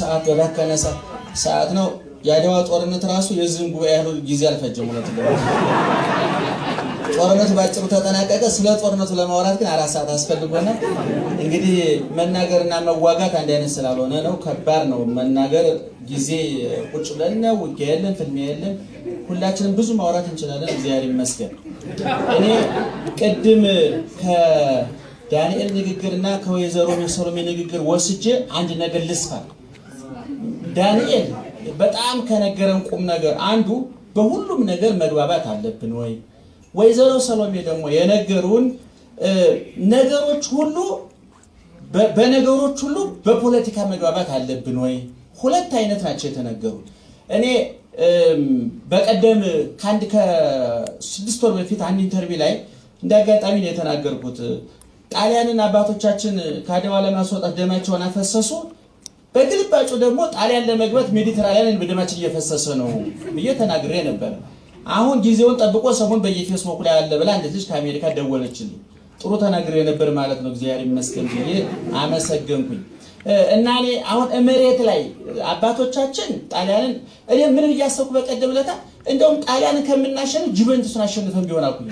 ሰዓት በባከነ ሰዓት ነው። የአድዋ ጦርነት ራሱ የዚህን ጉባኤ ያህል ጊዜ አልፈጀም። እውነት ጦርነቱ ባጭሩ ተጠናቀቀ። ስለ ጦርነቱ ለማውራት ግን አራት ሰዓት አስፈልጎና እንግዲህ መናገርና መዋጋት አንድ አይነት ስላልሆነ ነው። ከባድ ነው መናገር። ጊዜ ቁጭ ብለን ውጊያ የለን ፍልሚያ የለን። ሁላችንም ብዙ ማውራት እንችላለን። እግዚአብሔር ይመስገን። እኔ ቅድም ከዳንኤል ንግግርና ከወይዘሮ ሰሎሜ ንግግር ወስጄ አንድ ነገር ልስፋል ዳንኤል በጣም ከነገረን ቁም ነገር አንዱ በሁሉም ነገር መግባባት አለብን ወይ? ወይዘሮ ሰሎሜ ደግሞ የነገሩን ነገሮች ሁሉ በነገሮች ሁሉ በፖለቲካ መግባባት አለብን ወይ? ሁለት አይነት ናቸው የተነገሩት። እኔ በቀደም ከአንድ ከስድስት ወር በፊት አንድ ኢንተርቪው ላይ እንደ አጋጣሚ ነው የተናገርኩት። ጣሊያንን አባቶቻችን ከአድዋ ለማስወጣት ደማቸውን አፈሰሱ። በግልባጩ ደግሞ ጣሊያን ለመግባት ሜዲትራሊያን በደማችን እየፈሰሰ ነው ብዬ ተናግሬ ነበር። አሁን ጊዜውን ጠብቆ ሰሞን በየፌስ በየፌስቡክ ላይ አለ ብላ እንደዚህ ከአሜሪካ ደወለችልኝ። ጥሩ ተናግሬ ነበር ማለት ነው። እግዚአብሔር ይመስገን ብዬ አመሰገንኩኝ። እና እኔ አሁን መሬት ላይ አባቶቻችን ጣሊያንን እኔ ምን እያሰብኩ በቀደም ዕለት እንደውም ጣሊያንን ከምናሸንፍ ጁቬንቱስን አሸንፈን ቢሆን አልኩኝ።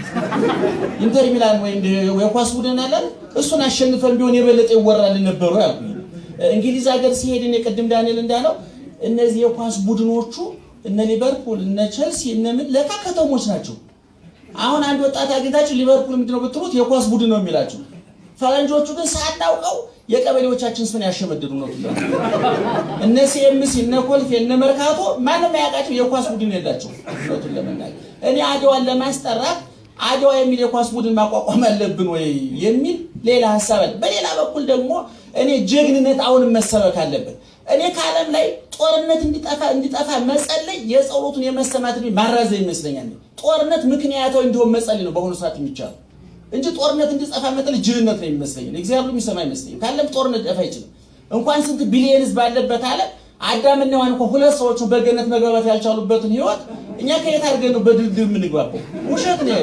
ኢንተር ሚላን ወይ የኳስ ቡድን አለ እሱን አሸንፈን ቢሆን የበለጠ ይወራልን ነበሩ ያልኩኝ እንግሊዝ ሀገር ሲሄድን የቅድም ዳንኤል እንዳለው እነዚህ የኳስ ቡድኖቹ እነ ሊቨርፑል እነ ቸልሲ እነ ምን ለካ ከተሞች ናቸው። አሁን አንድ ወጣት አግኝታችሁ ሊቨርፑል ምንድነው ብትሉት የኳስ ቡድን ነው የሚላችሁ። ፈረንጆቹ ግን ሳናውቀው የቀበሌዎቻችን ስም ያሸመድዱ ነው። እነ ሲኤምሲ እነ ኮልፌ እነ መርካቶ ማንም ያውቃቸው የኳስ ቡድን የላቸው። እውነቱን ለመናገር እኔ አድዋን ለማስጠራት አድዋ የሚል የኳስ ቡድን ማቋቋም አለብን ወይ የሚል ሌላ ሀሳብ አለ። በሌላ በኩል ደግሞ እኔ ጀግንነት አሁን መሰበክ አለብን። እኔ ከዓለም ላይ ጦርነት እንዲጠፋ እንዲጠፋ መጸለይ የጸሎቱን የመሰማት ማራዘ ይመስለኛል። ጦርነት ምክንያታዊ እንዲሆን መጸለይ ነው በአሁኑ ሰዓት የሚቻለው እንጂ ጦርነት እንዲጠፋ መጸለይ ጅልነት ነው ይመስለኛል። እግዚአብሔር የሚሰማ ይመስለኛል። ካለም ጦርነት ጠፋ አይችልም። እንኳን ስንት ቢሊየንስ ባለበት ዓለም አዳምና ሔዋን እኮ ሁለት ሰዎች በገነት መግባባት ያልቻሉበትን ህይወት እኛ ከየት አድርገን ነው በድልድል የምንግባባው? ውሸት ነው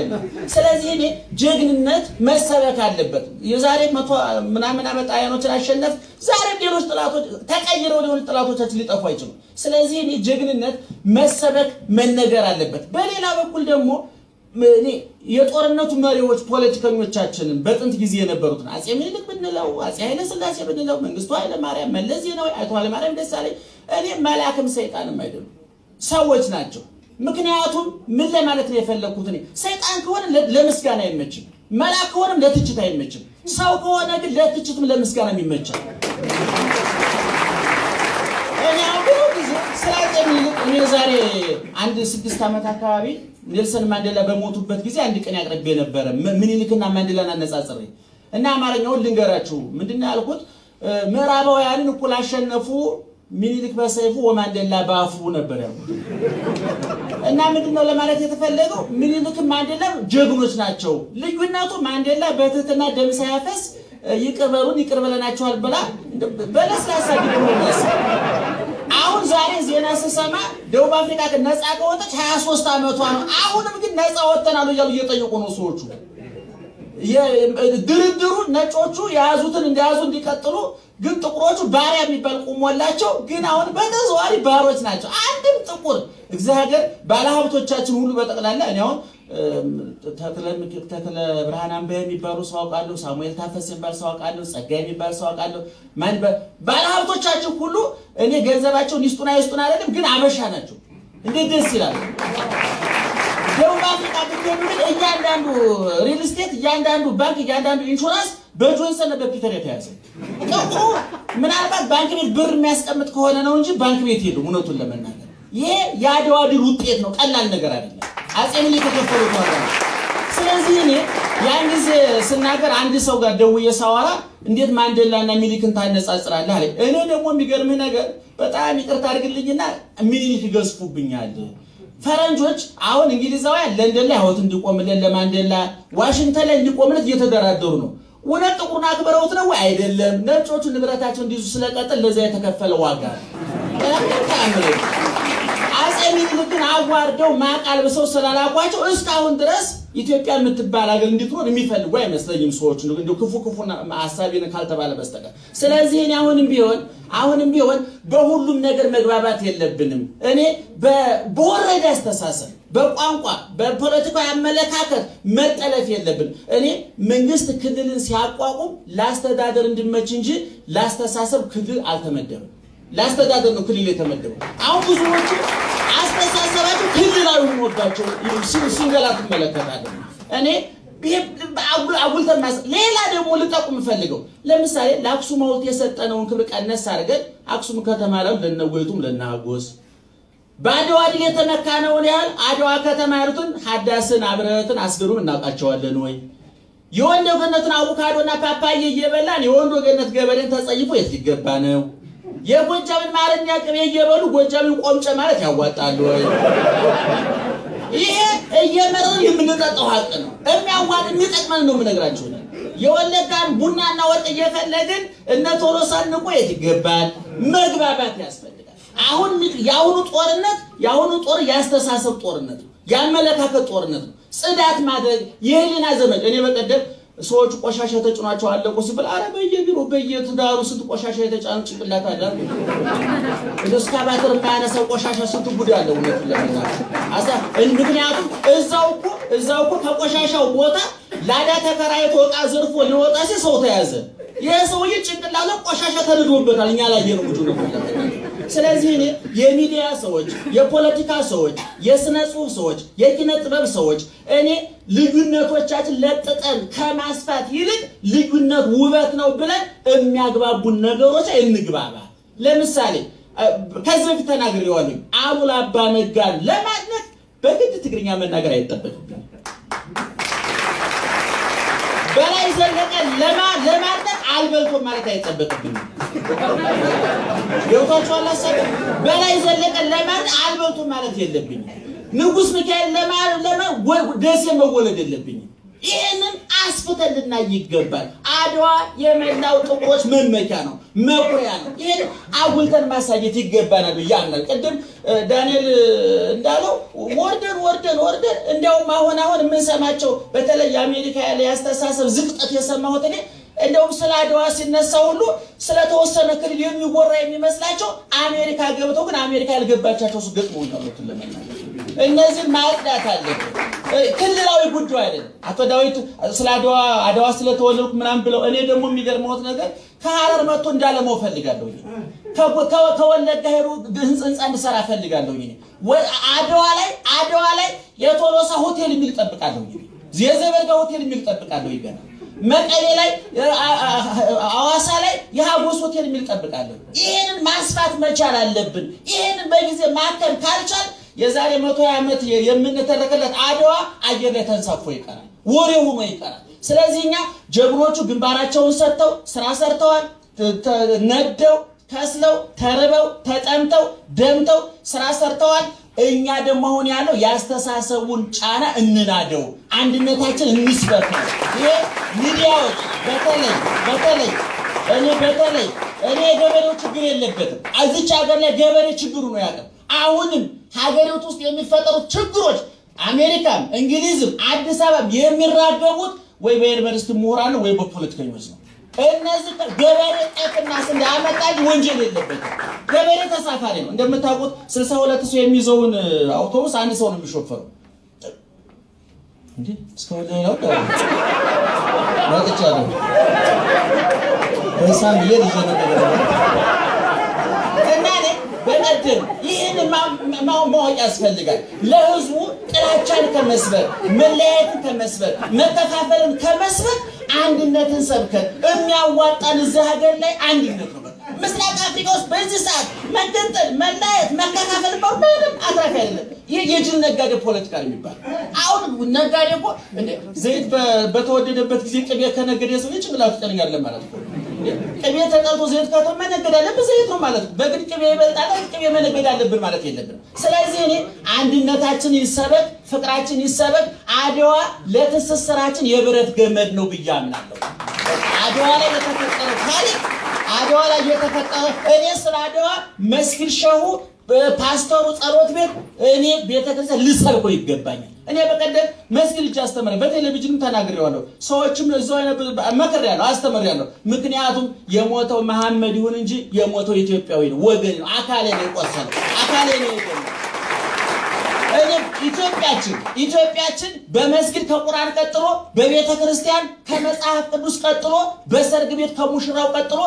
ስለዚህ እኔ ጀግንነት መሰበክ አለበት። የዛሬ መቶ ምናምን ዓመት አያኖችን አሸነፍ። ዛሬ ሌሎች ጥላቶች ተቀይረው ሊሆን ጥላቶቻችን ሊጠፉ አይችሉም። ስለዚህ እኔ ጀግንነት መሰበክ መነገር አለበት። በሌላ በኩል ደግሞ እኔ የጦርነቱ መሪዎች ፖለቲከኞቻችንን በጥንት ጊዜ የነበሩትን አጼ ምኒልክ ብንለው አጼ ኃይለ ስላሴ ብንለው መንግስቱ ኃይለ ማርያም፣ መለስ ዜናዊ፣ አቶ ኃይለማርያም ደሳለኝ እኔ መልአክም ሰይጣንም አይደሉም፣ ሰዎች ናቸው። ምክንያቱም ምን ለማለት ነው የፈለግኩት እኔ ሰይጣን ከሆነ ለምስጋና አይመችም፣ መልአክ ከሆነም ለትችት አይመችም፣ ሰው ከሆነ ግን ለትችትም ለምስጋና ይመቻል። እኔ ዛሬ አንድ ስድስት ዓመት አካባቢ ኔልሰን ማንዴላ በሞቱበት ጊዜ አንድ ቀን ያቅርቤ ነበረ ምኒልክና ማንዴላን አነጻጽሬ እና አማርኛውን ልንገራችሁ ምንድን ነው ያልኩት? ምዕራባውያንን እኩል አሸነፉ ሚኒሊክ በሰይፉ ወማንዴላ በአፉ ነበር ያልኩት። እና ምንድነው ለማለት የተፈለገው ሚኒሊክ ማንዴላ ጀግኖች ናቸው። ልዩነቱ ማንዴላ በትህትና ደም ሳያፈስ ይቅርበሉን ይቅርበለናቸዋል ብላ በለስላሳ ግድመስ አሁን ዛሬ ዜና ስሰማ ደቡብ አፍሪካ ግን ነፃ ከወጣች 23 ዓመቷ ነው። አሁንም ግን ነፃ ወጥተናል እያሉ እየጠየቁ ነው ሰዎቹ። ድርድሩ ነጮቹ የያዙትን እንደያዙ እንዲቀጥሉ፣ ግን ጥቁሮቹ ባሪያ የሚባል ቁሞላቸው፣ ግን አሁን በተዘዋዋሪ ባሮች ናቸው። አንድም ጥቁር እግዚአብሔር ባለሀብቶቻችን ሁሉ በጠቅላላ እኔ አሁን ተክለ ብርሃን አንበያ የሚባሉ ሰው አውቃለሁ። ሳሙኤል ታፈስ የሚባል ሰው አውቃለሁ። ጸጋ የሚባል ሰው አውቃለሁ። ማን ባለሀብቶቻችን ሁሉ እኔ ገንዘባቸውን ይስጡና ይስጡና አይደለም ግን አበሻ ናቸው። እንዴት ደስ ይላል! ደቡብ አፍሪካ ብትሄዱ እያንዳንዱ ሪል ስቴት፣ እያንዳንዱ ባንክ፣ እያንዳንዱ ኢንሹራንስ በጆንሰን በፒተር የተያዘ ጥቁሩ ምናልባት ባንክ ቤት ብር የሚያስቀምጥ ከሆነ ነው እንጂ ባንክ ቤት ሄዱ። እውነቱን ለመናገር ይሄ የአድዋ ድል ውጤት ነው። ቀላል ነገር አይደለም። አጼ ምኒልክ የከፈሉት ዋጋ ነው። ስለዚህ እኔ ያን ጊዜ ስናገር አንድ ሰው ጋር ደውዬ ሳወራ እንዴት ማንደላና ሚኒሊክን ታነጻጽራለህ አለኝ። እኔ ደግሞ የሚገርምህ ነገር በጣም ይቅርታ አድርግልኝና ሚኒሊክ ይገዝፉብኛል። ፈረንጆች አሁን እንግሊዛውያን ለንደን ላይ ሐውልት እንዲቆምልን ለማንዴላ ዋሽንግተን ላይ እንዲቆምለት እየተደራደሩ ነው። እውነት ጥቁሩን አክብረውት ነው ወይ? አይደለም። ነጮቹ ንብረታቸው እንዲይዙ ስለቀጠል ለዛ የተከፈለ ዋጋ ነው። ቀሚጥምጥን አዋርደው ማቅ አልብሰው ስላላቋቸው እስካሁን ድረስ ኢትዮጵያ የምትባል ሀገር እንድትሆን የሚፈልጉ አይመስለኝም ሰዎች እንደ ክፉ ክፉ ሀሳቢን ካልተባለ በስተቀር። ስለዚህ እኔ አሁንም ቢሆን አሁንም ቢሆን በሁሉም ነገር መግባባት የለብንም። እኔ በወረደ አስተሳሰብ፣ በቋንቋ፣ በፖለቲካዊ አመለካከት መጠለፍ የለብን። እኔ መንግስት ክልልን ሲያቋቁም ለአስተዳደር እንድመች እንጂ ለአስተሳሰብ ክልል አልተመደበም። ለአስተዳደር ነው ክልል የተመደበው። አሁን ብዙዎች አስተሳሰባቸው ክልላዊ የምወዳቸው ሲንገላ ትመለከታለን። እኔ አጉልተን ሌላ ደግሞ ልጠቁም የምፈልገው ለምሳሌ ለአክሱም ሐውልት የሰጠነውን ክብር ቀነስ አድርገን አክሱም ከተማ ላይ ለነጎይቱም ለነሐጎስ በአድዋ ድል የተመካነውን ያህል አድዋ ከተማ ያሉትን ሐዳስን፣ አብረትን፣ አስገሩም እናውቃቸዋለን ወይ? የወንዶ ገነቱን አቮካዶና ፓፓዬ እየበላን የወንዶ ገነት ገበሬን ተጸይፎ የት ሊገባ ነው? የጎጃምን ማረኛ ቅቤ እየበሉ ጎጃምን ቆምጨ ማለት ያዋጣሉ ይሄ እየመረን የምንጠጣው ሀቅ ነው። የሚያዋጥ የሚጠቅመን ነው የምነግራችሁ። የወለጋን ቡናና ወርቅ እየፈለግን እነ ቶሎሳን ንቆ የት ይገባል? መግባባት ያስፈልጋል። አሁን የአሁኑ ጦርነት የአሁኑ ጦር ያስተሳሰብ ጦርነት ነው፣ ያመለካከት ጦርነት ነው። ጽዳት ማድረግ የህሊና ዘመድ እኔ በቀደም ሰዎች ቆሻሻ ተጭኗቸው አለቁ ሲብል፣ አረ በየቢሮ በየትዳሩ ስንት ቆሻሻ የተጫኑ ጭንቅላት አለ። እስካባተር የማያነሳው ቆሻሻ ስንት ጉድ አለ። እውነት ለመናገር ምክንያቱም እዛው እኮ እዛው እኮ ከቆሻሻው ቦታ ላዳ ተከራይቶ ዕቃ ዘርፎ ሊወጣ ሲል ሰው ተያዘ። ይህ ሰውዬ ጭንቅላት ቆሻሻ ተልዶበታል። እኛ ላይ የርጉዱ ነው ስለዚህ እኔ የሚዲያ ሰዎች፣ የፖለቲካ ሰዎች፣ የስነ ጽሁፍ ሰዎች፣ የኪነ ጥበብ ሰዎች እኔ ልዩነቶቻችን ለጥጠን ከማስፋት ይልቅ ልዩነት ውበት ነው ብለን የሚያግባቡን ነገሮች እንግባባ። ለምሳሌ ከዚህ በፊት ተናግሬዋለሁ። አሉላ አባ ነጋን ለማድነቅ በግድ ትግርኛ መናገር አይጠበቅብንም። በላይ ዘለቀን ለማድነቅ አልበልቶ ማለት አይጠበቅብንም። ገብቷችኋል በላይ ዘለቀን ለማን አልበቱ ማለት የለብኝም። ንጉሥ ሚካኤል ለማለት ደሴ መወለድ የለብኝም። ይህንን አስፍተን ልናይ ይገባል። አድዋ የመላው ጥቁሮች መመኪያ ነው፣ መኩሪያ ነው። ይህን አጉልተን ማሳየት ይገባናል ብዬ አምናለሁ። ቅድም ዳንኤል እንዳለው ወርደን ወርደን ወርደን እንዲያውም አሁን አሁን የምንሰማቸው በተለይ የአሜሪካ ያለ ያስተሳሰብ ዝቅጠት የሰማሁት እኔ እንደውም ስለ አድዋ ሲነሳ ሁሉ ስለተወሰነ ክልል የሚወራ የሚመስላቸው አሜሪካ ገብተው ግን አሜሪካ ያልገባቻቸው ሱ ገጥሞ ያሉት ለመናገር እነዚህ ማጽዳት አለ። ክልላዊ ጉዳይ አይደለም። አቶ ዳዊት ስለ አድዋ አድዋ ስለተወለድኩ ምናምን ብለው እኔ ደግሞ የሚገርመት ነገር ከሀረር መጥቶ እንዳለማው ፈልጋለሁ። ከወለጋ ሄዶ ህንፃ እንድሰራ ፈልጋለሁ። አድዋ ላይ አድዋ ላይ የቶሎሳ ሆቴል የሚል ጠብቃለሁ። የዘበጋ ሆቴል የሚል ጠብቃለሁ ይገና መቀሌ ላይ አዋሳ ላይ የሀጎስ ሆቴል የሚል ጠብቃለሁ። ይህንን ማስፋት መቻል አለብን። ይህንን በጊዜ ማከም ካልቻል የዛሬ መቶ ዓመት የምንተረክለት አድዋ አየር ላይ ተንሳፎ ይቀራል፣ ወሬ ሆኖ ይቀራል። ስለዚህ እኛ ጀግኖቹ ግንባራቸውን ሰጥተው ስራ ሰርተዋል፣ ነደው፣ ተስለው፣ ተርበው፣ ተጠምተው፣ ደምተው ስራ ሰርተዋል። እኛ ደግሞ አሁን ያለው ያስተሳሰቡን ጫና እንናደው፣ አንድነታችን እንስበት ነው። ይሄ ሚዲያዎች በተለይ በተለይ እኔ በተለይ እኔ የገበሬው ችግር የለበትም። እዚች ሀገር ላይ ገበሬ ችግሩ ነው ያለው። አሁንም ሀገሪቱ ውስጥ የሚፈጠሩት ችግሮች አሜሪካም እንግሊዝም አዲስ አበባም የሚራገቡት ወይ በዩኒቨርሲቲ ምሁራን ወይ በፖለቲከኞች ነው። እነዚህ ገበሬ ጤፍና ስንዴ አመጣጅ ወንጀል የለበትም። ገበሬ ተሳፋሪ ነው። እንደምታውቁት ስልሳ ሁለት ሰው የሚይዘውን አውቶቡስ አንድ ሰው ነው የሚሾፈረው። እንዴ እስካሁን ላይ ነው በሳም ይሄ ልጅ ነው እና በቀደም ይህን ማወቅ ያስፈልጋል። ለህዝቡ ጥላቻን ከመስበር፣ መለያየትን ከመስበር፣ መከፋፈልን ከመስበር አንድነትን ሰብከን የሚያዋጣን እዚህ ሀገር ላይ አንድነት ነው። ምስራቅ አፍሪካ ውስጥ በዚህ ሰዓት መገንጠል፣ መለያየት፣ መከፋፈል ባው ምንም አትራፊ አይደለም። ይህ የጅል ነጋዴ ፖለቲካ ነው የሚባል። አሁን ነጋዴ እኮ ዘይት በተወደደበት ጊዜ ቅቤ ከነገደ ሰው ጭንቅላቱ ጤነኛ ማለት ነው። ቅቤ ተጠልቶ ዘይት ከቶ መነገድ አለብን ዘይት ነው ማለት ነው። በግድ ቅቤ ይበልጣል ቅቤ መነገድ አለብን ማለት የለብን። ስለዚህ እኔ አንድነታችን ይሰበቅ፣ ፍቅራችን ይሰበቅ። አድዋ ለትስስራችን የብረት ገመድ ነው ብዬ አምናለሁ። አድዋ ላይ የተፈጠረው ታሪክ አድዋ ላይ የተፈጠረ እኔ ስለ አድዋ መስኪል ሸሁ ፓስተሩ ጸሎት ቤት እኔ ቤተክርስቲያን ልሰርቆ ይገባኛል። እኔ በቀደም መስጊድ ልጅ አስተምረ በቴሌቪዥንም ተናግሬዋለሁ። ሰዎችም እዛው መክሬያለሁ፣ አስተምሬያለሁ። ምክንያቱም የሞተው መሐመድ ይሁን እንጂ የሞተው ኢትዮጵያዊ ነው፣ ወገን ነው፣ አካሌ ነው የቆሰለው፣ አካሌ ነው የቆሰለው። ኢትዮጵያችን ኢትዮጵያችን በመስጊድ ከቁርአን ቀጥሎ በቤተ ክርስቲያን ከመጽሐፍ ቅዱስ ቀጥሎ በሰርግ ቤት ከሙሽራው ቀጥሎ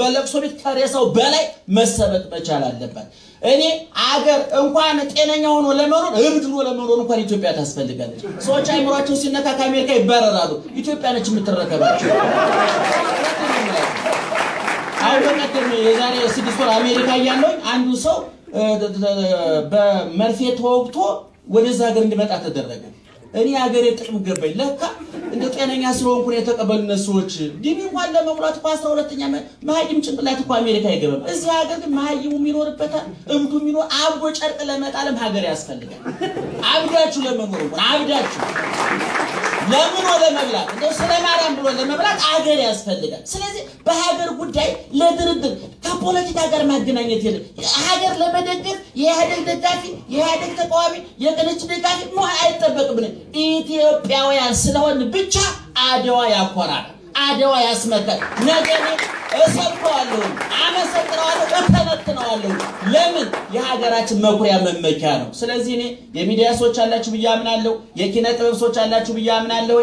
በለቅሶ ቤት ከሬሳው በላይ መሰበቅ መቻል አለባት። እኔ አገር እንኳን ጤነኛ ሆኖ ለመኖር እብድ ሆኖ ለመኖር እንኳን ኢትዮጵያ ታስፈልጋለች። ሰዎች አይምሯቸው ሲነካ ከአሜሪካ ይባረራሉ። ኢትዮጵያ ነች የምትረከባቸው። አሁን በቀደም የዛሬ ስድስት ወር አሜሪካ እያለሁኝ አንዱ ሰው በመርፌ ተወግቶ ወደዛ ሀገር እንድመጣ ተደረገ። እኔ ሀገሬ ጥቅም ገባኝ። ለካ እንደ ጤነኛ ስለሆንኩ ነው የተቀበልነት ሰዎች ዲቪ እንኳን ለመቁላት እኮ አስራ ሁለተኛ መሀይም ጭንቅላት እኮ አሜሪካ አይገባም። እዚህ ሀገር ግን መሀይሙ የሚኖርበታል፣ እብዱም የሚኖር አብዶ ጨርቅ ለመጣለም ሀገር ያስፈልጋል። አብዳችሁ ለመኖር አብዳችሁ ለምኖ ለመብላት እንደው ስለ ማርያም ብሎ ለመብላት አገር ያስፈልጋል። ስለዚህ በሀገር ጉዳይ ለድርድር ከፖለቲካ ጋር ማገናኘት የለም። ሀገር ለመደገፍ የኢህአደግ ደጋፊ የኢህአደግ ተቃዋሚ የቅንጭ ደጋፊ መሆን አይጠበቅብንም። ኢትዮጵያውያን ስለሆን ብቻ አድዋ ያኮራል፣ አድዋ ያስመከል ነገ እሰብከዋለሁ፣ አመሰጥረዋለሁ፣ እተነትነዋለሁ። ለምን የሀገራችን መኩሪያ መመኪያ ነው። ስለዚህ እኔ የሚዲያ ሰዎች አላችሁ ብዬ አምናለሁ። የኪነ ጥበብ ሰዎች አላችሁ ብዬ አምናለሁ።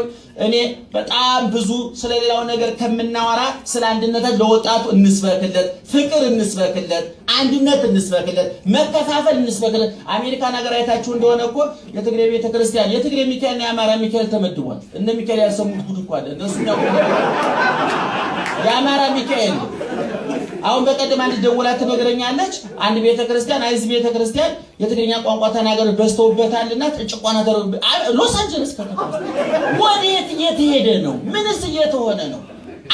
እኔ በጣም ብዙ ስለሌላው ነገር ከምናወራ ስለ አንድነትን ለወጣቱ እንስበክለት፣ ፍቅር እንስበክለት፣ አንድነት እንስበክለት፣ መከፋፈል እንስበክለት። አሜሪካን ሀገር አይታችሁ እንደሆነ እኮ የትግሬ ቤተክርስቲያን የትግሬ ሚካኤልና የአማራ ሚካኤል ተመድቧል። እነ ሚካኤል ያልሰሙት ጉድ እኮ አለ እነሱ የአማራ ሚካኤል አሁን በቀደም አንድ ደውላ ትነግረኛለች። አንድ ቤተክርስቲያን አይዝ ቤተክርስቲያን የትግርኛ ቋንቋ ተናገር በዝተውበታልና ጭቋና ሎስ አንጀለስ ከተማ ወዴት እየተሄደ ነው? ምንስ እየተሆነ ነው?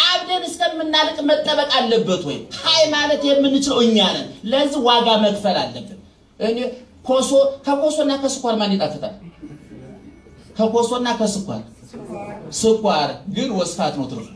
አብደን እስከምናልቅ መጠበቅ አለበት ወይ? ሀይ ማለት የምንችለው እኛ ነን። ለዚህ ዋጋ መክፈል አለብን። እኔ ኮሶ ከኮሶና ከስኳር ማን ይጣፍጣል? ከኮሶና ከስኳር ስኳር ግን ወስፋት ነው ትርፉ።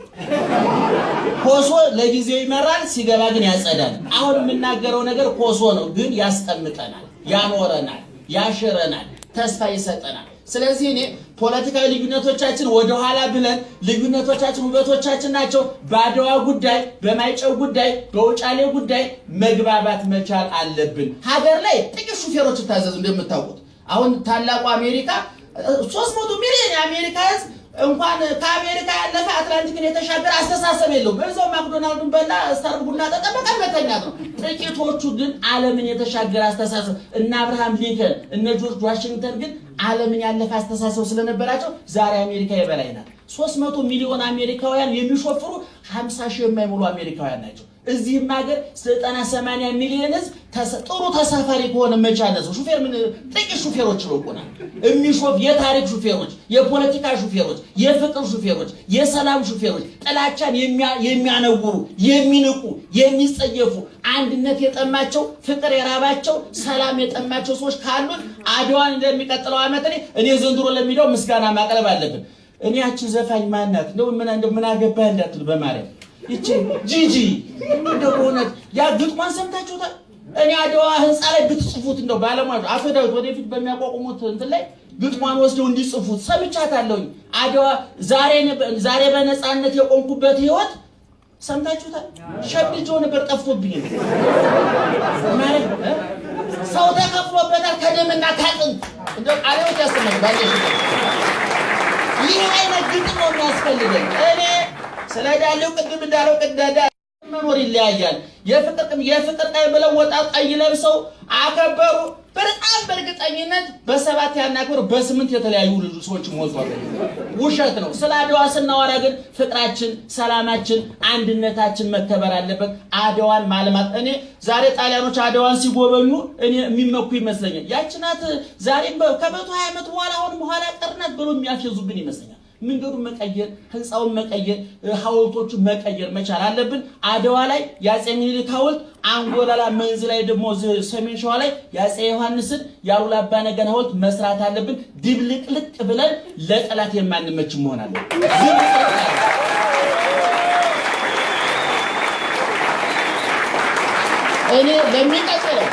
ኮሶ ለጊዜው ይመራል፣ ሲገባ ግን ያጸዳል። አሁን የምናገረው ነገር ኮሶ ነው፣ ግን ያስጠምጠናል ያኖረናል፣ ያሽረናል፣ ተስፋ ይሰጠናል። ስለዚህ እኔ ፖለቲካዊ ልዩነቶቻችን ወደኋላ ብለን ልዩነቶቻችን ውበቶቻችን ናቸው። በአድዋ ጉዳይ፣ በማይጨው ጉዳይ፣ በውጫሌ ጉዳይ መግባባት መቻል አለብን። ሀገር ላይ ጥቂት ሹፌሮች ይታዘዝ። እንደምታውቁት አሁን ታላቁ አሜሪካ ሶስት መቶ ሚሊዮን የአሜሪካ ህዝብ እንኳን ከአሜሪካ ያለፈ አትላንቲክን የተሻገረ አስተሳሰብ የለው በዛው ማክዶናልዱን በላ ስታር ቡና ተጠበቀ መተኛት ነው። ጥቂቶቹ ግን ዓለምን የተሻገረ አስተሳሰብ እነ አብርሃም ሊንከን እነ ጆርጅ ዋሽንግተን ግን ዓለምን ያለፈ አስተሳሰብ ስለነበራቸው ዛሬ አሜሪካ የበላይ ናት። ሶስት መቶ ሚሊዮን አሜሪካውያን የሚሾፍሩ 50 ሺህ የማይሞሉ አሜሪካውያን ናቸው። እዚህም ሀገር ዘጠና ሰማንያ ሚሊዮን ህዝብ ጥሩ ተሳፋሪ ከሆነ መቻለ ሰው ሹፌር ምን ጥቂት ሹፌሮች ይልቁናል። የሚሾፍ የታሪክ ሹፌሮች፣ የፖለቲካ ሹፌሮች፣ የፍቅር ሹፌሮች፣ የሰላም ሹፌሮች፣ ጥላቻን የሚያነውሩ የሚንቁ፣ የሚጸየፉ አንድነት የጠማቸው ፍቅር የራባቸው ሰላም የጠማቸው ሰዎች ካሉን አድዋን እንደሚቀጥለው ዓመት እኔ እኔ ዘንድሮ ለሚለው ምስጋና ማቅረብ አለብን። እኔ ያችን ዘፋኝ ማናት ነው ምን አገባህ እንዳትል በማርያም ይቺ ጂጂ እንደው በእውነት ያ ግጥሟን ሰምታችሁታል። እኔ አድዋ ህንፃ ላይ ብትጽፉት እንደው ባለሙያ አቶ ዳዊት ወደፊት በሚያቋቁሙት እንትን ላይ ግጥሟን ወስደው እንዲጽፉት ሰምቻታለሁኝ። አድዋ ዛሬ በነፃነት የቆምኩበት ህይወት ሰምታችሁታል። ሸምድጄው ነበር ጠፍቶብኝ ማለት ሰው ተከፍሎበታል ከደምና ከአጥንት እንደው ቃሪዎች ያስመኝ ይህ አይነት ግጥም የሚያስፈልገኝ እኔ ስለ ዕዳ ያለው ቅድም እንዳለው ቅዳዳ መኖር ይለያያል። የፍቅር የፍቅር ቀይ ብለው ወጣት ቀይ ለብሰው አከበሩ። በጣም በእርግጠኝነት በሰባት ያናክብር በስምንት የተለያዩ ልጁ ሰዎች ሞልቷል። ውሸት ነው። ስለ አድዋ ስናወራ ግን ፍቅራችን፣ ሰላማችን፣ አንድነታችን መከበር አለበት። አድዋን ማልማት እኔ ዛሬ ጣሊያኖች አድዋን ሲጎበኙ እኔ የሚመኩ ይመስለኛል። ያችናት ዛሬ ከመቶ ሀያ ዓመት በኋላ አሁን በኋላ ቀርነት ብሎ የሚያፌዙብን ይመስለኛል። መንገዱን መቀየር፣ ህንፃውን መቀየር፣ ሐውልቶቹ መቀየር መቻል አለብን። አድዋ ላይ የአፄ ምኒልክ ሐውልት፣ አንጎላላ መንዝ ላይ ደግሞ ሰሜን ሸዋ ላይ የአፄ ዮሐንስን የአሉላ አባነጋን ሐውልት መስራት አለብን። ድብልቅልቅ ብለን ለጠላት የማንመች መሆን አለብን። እኔ ለሚቀጥለው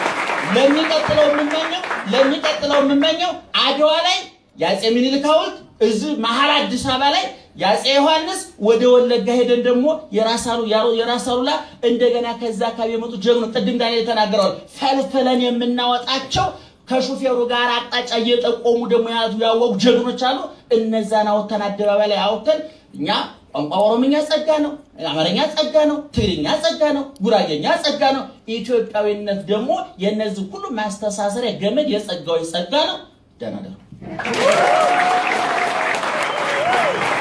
ለሚቀጥለው የምመኘው ለሚቀጥለው የምመኘው አድዋ ላይ የአፄ ምኒልክ ሐውልት እዚህ መሀል አዲስ አበባ ላይ የአፄ ዮሐንስ ወደ ወለጋ ሄደን ደግሞ የራሳሉ የራሳሉ ላ እንደገና ከዛ አካባቢ የመጡ ጀግኖች ቅድም ዳንኤል ተናግረዋል። ፈልፈለን የምናወጣቸው ከሹፌሩ ጋር አቅጣጫ እየጠቆሙ ደግሞ ያወቁ ጀግኖች አሉ። እነዛን አወተን አደባባይ ላይ አወተን እኛ ቋንቋ ኦሮምኛ ጸጋ ነው፣ አማርኛ ጸጋ ነው፣ ትግርኛ ጸጋ ነው፣ ጉራጌኛ ጸጋ ነው። ኢትዮጵያዊነት ደግሞ የእነዚህ ሁሉ ማስተሳሰሪያ ገመድ የጸጋዎች ጸጋ ነው። ደህና ደሩ Woo!